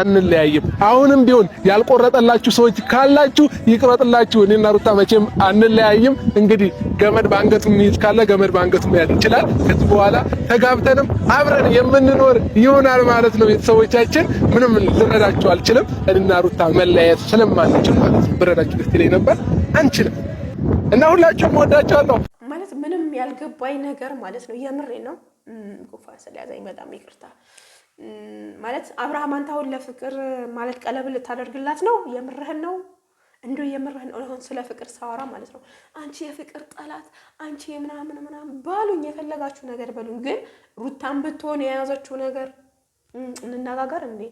አንለያይም። አሁንም ቢሆን ያልቆረጠላችሁ ሰዎች ካላችሁ ይቅረጥላችሁ። እኔና ሩታ መቼም አንለያይም። እንግዲህ ገመድ በአንገቱ የሚይዝ ካለ ገመድ በአንገቱ መያዝ ይችላል። ከዚህ በኋላ ተጋብተንም አብረን የምንኖር ይሆናል ማለት ነው። ቤተሰቦቻችን ምንም ልረዳችሁ አልችልም። እኔና ሩታ መለያየት ስለማንችል ማለት ነው። ብረዳችሁ ደስ ይለኝ ነበር፣ አንችልም እና ሁላችሁም ወዳችኋለሁ። ማለት ምንም ያልገባኝ ነገር ማለት ነው። የምሬ ነው። ጉንፋን ስለያዘኝ በጣም ይቅርታ ማለት አብርሃም አንተ አሁን ለፍቅር ማለት ቀለብ ልታደርግላት ነው? የምርህን ነው? እንደው የምርህን ሆን ስለ ፍቅር ሳወራ ማለት ነው። አንቺ የፍቅር ጠላት፣ አንቺ የምናምን ምናምን ባሉኝ፣ የፈለጋችሁ ነገር በሉኝ። ግን ሩታን ብትሆን የያዘችው ነገር እንነጋገር እንዴ።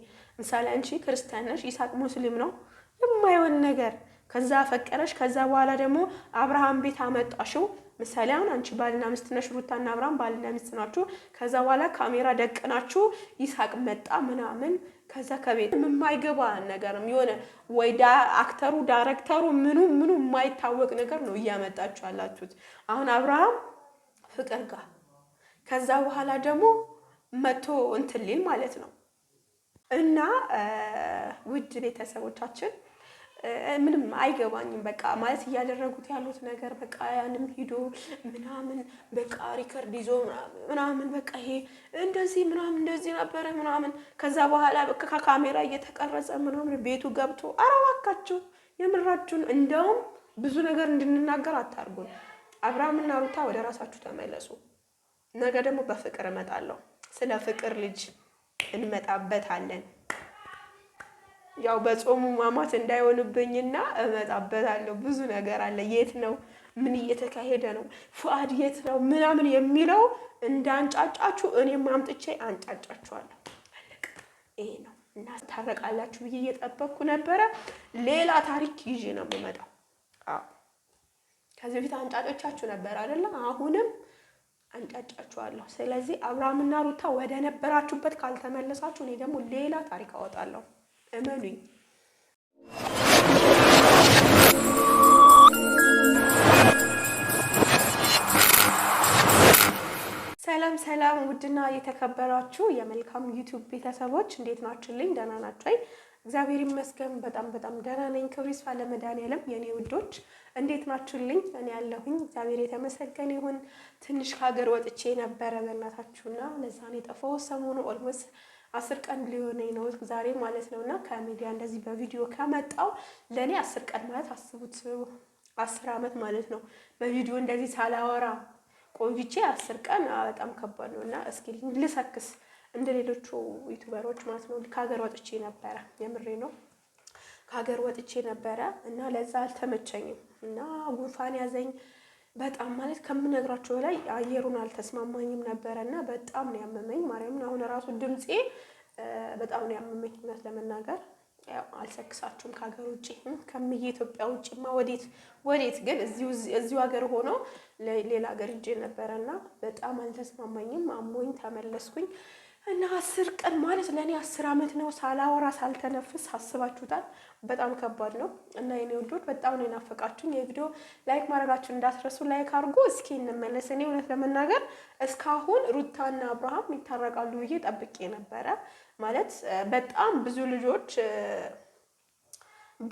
ምሳሌ አንቺ ክርስቲያን ነሽ፣ ይስሐቅ ሙስሊም ነው። የማይሆን ነገር ከዛ ፈቀረሽ፣ ከዛ በኋላ ደግሞ አብርሃም ቤት አመጣሽው። ምሳሌ አሁን አንቺ ባልና ሚስት ነሽ፣ ሩታና አብርሃም ባልና ሚስት ናችሁ። ከዛ በኋላ ካሜራ ደቅናችሁ ይስሐቅ መጣ ምናምን ከዛ ከቤት የማይገባ ነገርም የሆነ ወይ አክተሩ ዳይሬክተሩ ምኑ ምኑ የማይታወቅ ነገር ነው እያመጣችሁ ያላችሁት። አሁን አብርሃም ፍቅር ጋር ከዛ በኋላ ደግሞ መቶ እንትን ሊል ማለት ነው እና ውድ ቤተሰቦቻችን ምንም አይገባኝም። በቃ ማለት እያደረጉት ያሉት ነገር በቃ ያንም ሂዶ ምናምን በቃ ሪከርድ ይዞ ምናምን በቃ ይሄ እንደዚህ ምናምን እንደዚህ ነበረ ምናምን ከዛ በኋላ በቃ ከካሜራ እየተቀረጸ ምናምን ቤቱ ገብቶ ኧረ የምራችሁን እንደውም ብዙ ነገር እንድንናገር አታርጉን። አብርሃምና ሩታ ወደ ራሳችሁ ተመለሱ። ነገ ደግሞ በፍቅር እመጣለሁ። ስለ ፍቅር ልጅ እንመጣበታለን። ያው በጾሙ ማማት እንዳይሆንብኝና እመጣበታለሁ። ብዙ ነገር አለ። የት ነው ምን እየተካሄደ ነው? ፉአድ የት ነው ምናምን የሚለው እንዳንጫጫችሁ እኔም አምጥቼ አንጫጫችኋለሁ። ይሄ ነው እና ታረቃላችሁ ብዬ እየጠበቅኩ ነበረ። ሌላ ታሪክ ይዤ ነው የምመጣው። ከዚህ በፊት አንጫጮቻችሁ ነበር አይደለም? አሁንም አንጫጫችኋለሁ። ስለዚህ አብርሃምና ሩታ ወደ ነበራችሁበት ካልተመለሳችሁ እኔ ደግሞ ሌላ ታሪክ አወጣለሁ። እመኑኝ። ሰላም ሰላም፣ ውድና የተከበራችሁ የመልካም ዩቲዩብ ቤተሰቦች እንዴት ናችሁልኝ? ደህና ናችሁ ወይ? እግዚአብሔር ይመስገን በጣም በጣም ደህና ነኝ። ክብር ይስፋ ለመድኃኒዓለም። የእኔ ውዶች እንዴት ናችሁልኝ? እኔ ያለሁኝ እግዚአብሔር የተመሰገነ ይሁን። ትንሽ ከሀገር ወጥቼ ነበረ በእናታችሁና ለዛ ነው ሰሞኑ ኦልሞስት አስር ቀን ሊሆነኝ ነው ዛሬ ማለት ነው። እና ከሚዲያ እንደዚህ በቪዲዮ ከመጣው ለእኔ አስር ቀን ማለት አስቡት፣ አስር ዓመት ማለት ነው። በቪዲዮ እንደዚህ ሳላወራ ቆይቼ አስር ቀን በጣም ከባድ ነው። እና እስኪ ልሰክስ እንደ ሌሎቹ ዩቱበሮች ማለት ነው። ከሀገር ወጥቼ ነበረ፣ የምሬ ነው። ከሀገር ወጥቼ ነበረ እና ለዛ አልተመቸኝም እና ጉንፋን ያዘኝ በጣም ማለት ከምነግራቸው በላይ አየሩን አልተስማማኝም ነበረ እና በጣም ነው ያመመኝ። ማርያምን አሁን ራሱ ድምፄ በጣም ነው ያመመኝ። እውነት ለመናገር አልሰክሳችሁም ከሀገር ውጭ ከምዬ ኢትዮጵያ ውጭማ ወዴት ወዴት ግን እዚሁ ሀገር ሆኖ ሌላ ሀገር እጄ ነበረ እና በጣም አልተስማማኝም። አሞኝ ተመለስኩኝ። እና አስር ቀን ማለት ለእኔ አስር አመት ነው ሳላወራ ሳልተነፍስ። አስባችሁታል? በጣም ከባድ ነው እና የኔ ውዶች በጣም ነው የናፈቃችሁኝ። የቪዲዮ ላይክ ማድረጋችሁን እንዳትረሱ። ላይክ አድርጎ እስኪ እንመለስ። እኔ እውነት ለመናገር እስካሁን ሩታና አብርሃም ይታረቃሉ ብዬ ጠብቄ ነበረ። ማለት በጣም ብዙ ልጆች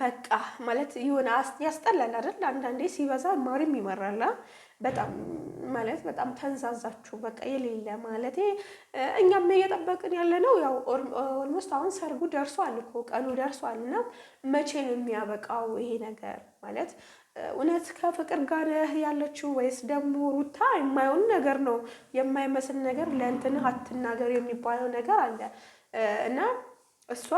በቃ ማለት የሆነ ያስጠላል አይደል? አንዳንዴ ሲበዛ ማሪም ይመራላ በጣም ማለት በጣም ተንዛዛችሁ በቃ የሌለ ማለት እኛም እየጠበቅን ያለ ነው። ያው ኦልሞስት አሁን ሰርጉ ደርሷል እኮ ቀኑ ደርሷል እና መቼ ነው የሚያበቃው ይሄ ነገር ማለት እውነት ከፍቅር ጋር ያለችው ወይስ ደግሞ ሩታ የማይሆን ነገር ነው የማይመስል ነገር ለእንትንህ አትናገር የሚባለው ነገር አለ እና እሷ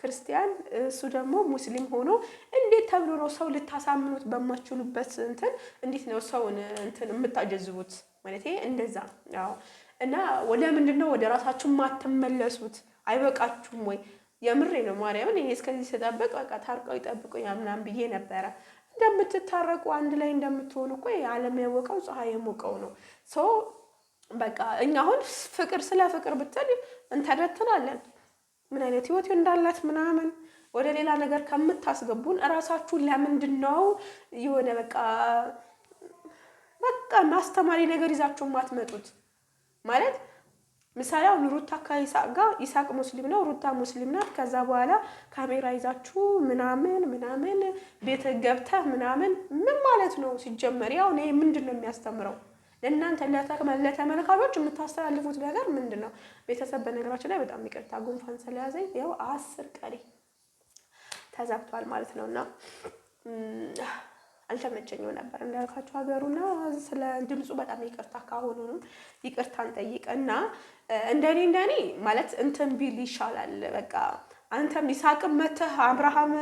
ክርስቲያን እሱ ደግሞ ሙስሊም ሆኖ እንዴት ተብሎ ነው ሰው ልታሳምኑት በማችሉበት እንትን እንዴት ነው ሰውን እንትን የምታጀዝቡት? ማለት እንደዛ ያው እና ለምንድን ነው ወደ ራሳችሁ ማትመለሱት? አይበቃችሁም ወይ? የምሬ ነው ማርያምን። ይሄ እስከዚህ ስጠብቅ በቃ ታርቀው ይጠብቁኝ ምናምን ብዬ ነበረ። እንደምትታረቁ አንድ ላይ እንደምትሆኑ እኮ ዓለም ያወቀው ፀሐይ የሞቀው ነው ሰው በቃ እኛ አሁን ፍቅር ስለ ፍቅር ብትል እንተነትናለን ምን አይነት ህይወት እንዳላት ምናምን ወደ ሌላ ነገር ከምታስገቡን እራሳችሁ ለምንድን ነው የሆነ በቃ በቃ ማስተማሪ ነገር ይዛችሁ ማትመጡት? ማለት ምሳሌ አሁን ሩታ ከይሳቅ ጋር ይሳቅ ሙስሊም ነው፣ ሩታ ሙስሊም ናት። ከዛ በኋላ ካሜራ ይዛችሁ ምናምን ምናምን ቤት ገብተህ ምናምን ምን ማለት ነው ሲጀመር? ያው እኔ ምንድን ነው የሚያስተምረው ለእናንተ ለተመልካቾች የምታስተላልፉት ነገር ምንድን ነው? ቤተሰብ በነገራችን ላይ በጣም ይቅርታ ጉንፋን ስለያዘኝ ያው አስር ቀሪ ተዘግቷል ማለት ነው እና አልተመቸኝም ነበር ሀገሩ ሀገሩና ስለ ድምፁ በጣም ይቅርታ ካሁኑኑ ይቅርታን እና እንደኔ እንደኔ ማለት እንትን ቢል ይሻላል በቃ አንተም ይስሐቅም መተህ አብርሃም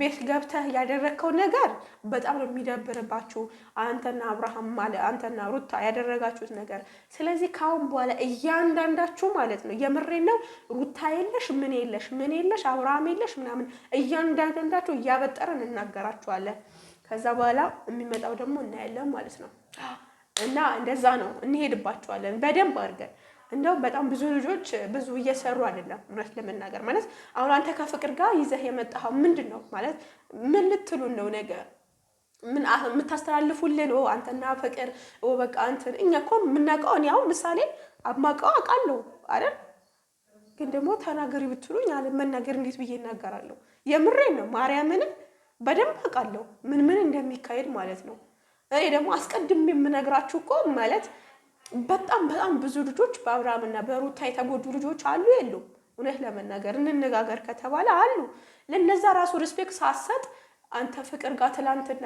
ቤት ገብተህ ያደረግከው ነገር በጣም ነው የሚደብርባችሁ፣ አንተና አብርሃም ማለት አንተና ሩታ ያደረጋችሁት ነገር። ስለዚህ ከአሁን በኋላ እያንዳንዳችሁ ማለት ነው የምሬ ነው፣ ሩታ የለሽ ምን የለሽ ምን የለሽ አብርሃም የለሽ ምናምን፣ እያንዳንዳችሁ እያበጠረን እናገራችኋለን። ከዛ በኋላ የሚመጣው ደግሞ እናያለን ማለት ነው። እና እንደዛ ነው፣ እንሄድባችኋለን በደንብ አድርገን እንደውም በጣም ብዙ ልጆች ብዙ እየሰሩ አይደለም። እውነት ለመናገር ማለት አሁን አንተ ከፍቅር ጋር ይዘህ የመጣኸው ምንድን ነው ማለት ምን ልትሉን ነው ነገ ምን የምታስተላልፉልን? አንተና ፍቅር በቃ እንትን እኛ እኮ የምናውቀው እኔ አሁን ምሳሌ አማውቀው አውቃለሁ አይደል? ግን ደግሞ ተናገሪ ብትሉኝ አለ መናገር እንዴት ብዬ እናገራለሁ? የምሬን ነው ማርያምን በደንብ አውቃለሁ ምን ምን እንደሚካሄድ ማለት ነው። እኔ ደግሞ አስቀድሜ የምነግራችሁ እኮ ማለት በጣም በጣም ብዙ ልጆች በአብርሃምና በሩታ የተጎዱ ልጆች አሉ የሉም? እውነት ለመናገር እንነጋገር ከተባለ አሉ። ለነዛ ራሱ ሪስፔክት ሳሰጥ አንተ ፍቅር ጋር ትላንትና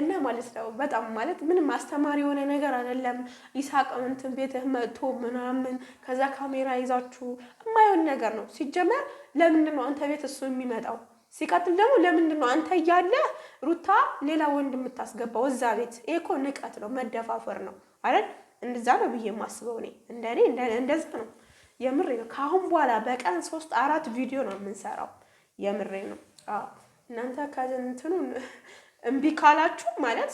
እና ማለት ነው በጣም ማለት ምንም አስተማሪ የሆነ ነገር አይደለም። ይሳቅ እንትን ቤትህ መጥቶ ምናምን ከዛ ካሜራ ይዛችሁ የማይሆን ነገር ነው። ሲጀመር ለምንድን ነው አንተ ቤት እሱ የሚመጣው? ሲቀጥል ደግሞ ለምንድን ነው አንተ እያለህ ሩታ ሌላ ወንድ የምታስገባው እዛ ቤት? ይሄ እኮ ንቀት ነው፣ መደፋፈር ነው አይደል? እንደዛ ነው ብዬ የማስበው እኔ እንደኔ እንደዛ ነው። የምሬ ነው። ከአሁን በኋላ በቀን ሶስት አራት ቪዲዮ ነው የምንሰራው። የምሬ ነው። አዎ እናንተ ከእንትኑ እምቢ ካላችሁ ማለት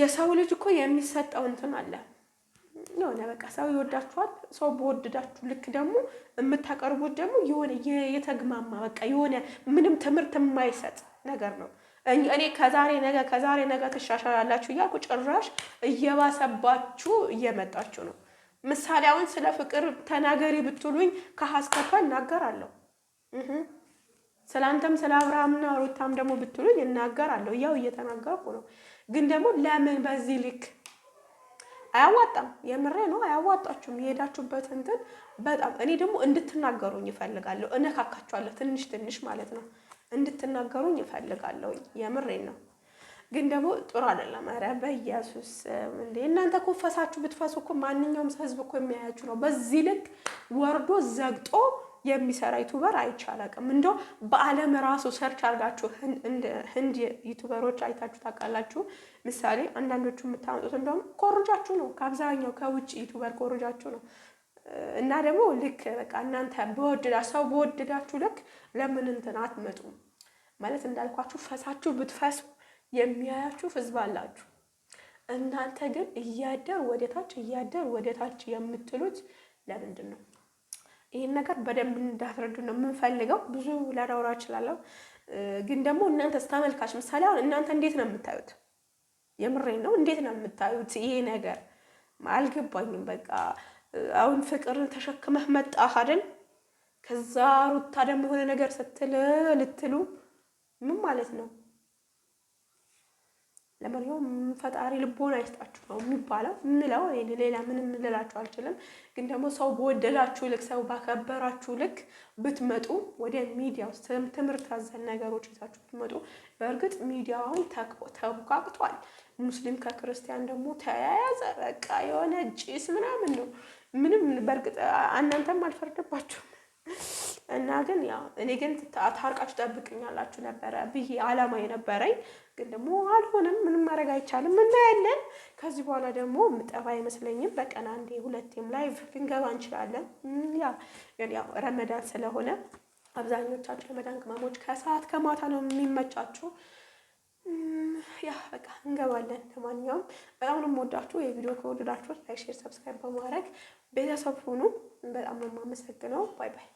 የሰው ልጅ እኮ የሚሰጠው እንትን አለ የሆነ በቃ ሰው ይወዳችኋል። ሰው በወደዳችሁ ልክ ደግሞ የምታቀርቡት ደግሞ የሆነ የተግማማ በቃ የሆነ ምንም ትምህርት የማይሰጥ ነገር ነው። እኔ ከዛሬ ነገ ከዛሬ ነገ ትሻሻላላችሁ እያልኩ ጭራሽ እየባሰባችሁ እየመጣችሁ ነው። ምሳሌ አሁን ስለ ፍቅር ተናገሪ ብትሉኝ ከሀስከቷ እናገራለሁ። ስለአንተም ስለ አብርሃምና ሩታም ደግሞ ብትሉኝ እናገራለሁ። ያው እየተናገርኩ ነው። ግን ደግሞ ለምን በዚህ ልክ አያዋጣም። የምሬ ነው። አያዋጣችሁም። የሄዳችሁበት እንትን በጣም እኔ ደግሞ እንድትናገሩኝ ይፈልጋለሁ። እነካካችኋለሁ፣ ትንሽ ትንሽ ማለት ነው። እንድትናገሩኝ ይፈልጋለሁ። የምሬን ነው። ግን ደግሞ ጥሩ አይደለም። ኧረ በኢየሱስ እንደ እናንተ እኮ ፈሳችሁ ብትፈሱ እኮ ማንኛውም ህዝብ እኮ የሚያያችሁ ነው። በዚህ ልክ ወርዶ ዘግጦ የሚሰራ ዩቱበር አይቻላቅም። እንደ በአለም ራሱ ሰርች አድርጋችሁ ህንድ ዩቱበሮች አይታችሁ ታውቃላችሁ? ምሳሌ አንዳንዶቹ የምታመጡት እንደውም ኮርጃችሁ ነው፣ ከአብዛኛው ከውጭ ዩቱበር ኮርጃችሁ ነው። እና ደግሞ ልክ በቃ እናንተ በወደዳ ሰው በወደዳችሁ ልክ ለምን እንትን አትመጡም ማለት እንዳልኳችሁ፣ ፈሳችሁ ብትፈሱ የሚያያችሁ ህዝብ አላችሁ። እናንተ ግን እያደር ወደታች እያደር ወደታች የምትሉት ለምንድን ነው? ይህን ነገር በደንብ እንዳትረዱ ነው የምንፈልገው። ብዙ ላዳውራ እችላለሁ፣ ግን ደግሞ እናንተ ተመልካች ምሳሌ አሁን እናንተ እንዴት ነው የምታዩት? የምሬ ነው። እንዴት ነው የምታዩት? ይሄ ነገር አልገባኝም። በቃ አሁን ፍቅርን ተሸክመህ መጣህ አይደል? ከዛ ሩታ ደግሞ የሆነ ነገር ስትል ልትሉ ምን ማለት ነው? ለማንኛውም ፈጣሪ ልቦና አይስጣችሁ ነው የሚባለው ምለው ሌላ ምንም ልላችሁ አልችልም። ግን ደግሞ ሰው በወደዳችሁ ልክ፣ ሰው ባከበራችሁ ልክ ብትመጡ ወደ ውስጥ ትምህርት አዘል ነገሮች ይዛችሁ ብትመጡ። በእርግጥ ሚዲያውን አሁን ተቡቃቅቷል። ሙስሊም ከክርስቲያን ደግሞ ተያያዘ። በቃ የሆነ ጭስ ምናምን ነው ምንም። በእርግጥ እናንተም አልፈርድባችሁም እና ግን ያው እኔ ግን ታርቃችሁ ጠብቅኛላችሁ ነበረ ብዬ አላማ የነበረኝ ግን ደግሞ አልሆነም። ምንም ማድረግ አይቻልም። እናያለን። ከዚህ በኋላ ደግሞ ምጠባ አይመስለኝም። በቀን አንዴ ሁለቴም ላይቭ ልንገባ እንችላለን። ያ ግን ያው ረመዳን ስለሆነ አብዛኞቻችሁ ረመዳን ቅመሞች ከሰዓት ከማታ ነው የሚመቻችሁ። ያ በቃ እንገባለን። ለማንኛውም በጣም ነው የምወዳችሁ። የቪዲዮ ከወደዳችሁት ላይክ፣ ሼር፣ ሰብስክራይብ በማድረግ ቤተሰብ ሁኑ። በጣም ነው የማመሰግነው። ባይ ባይ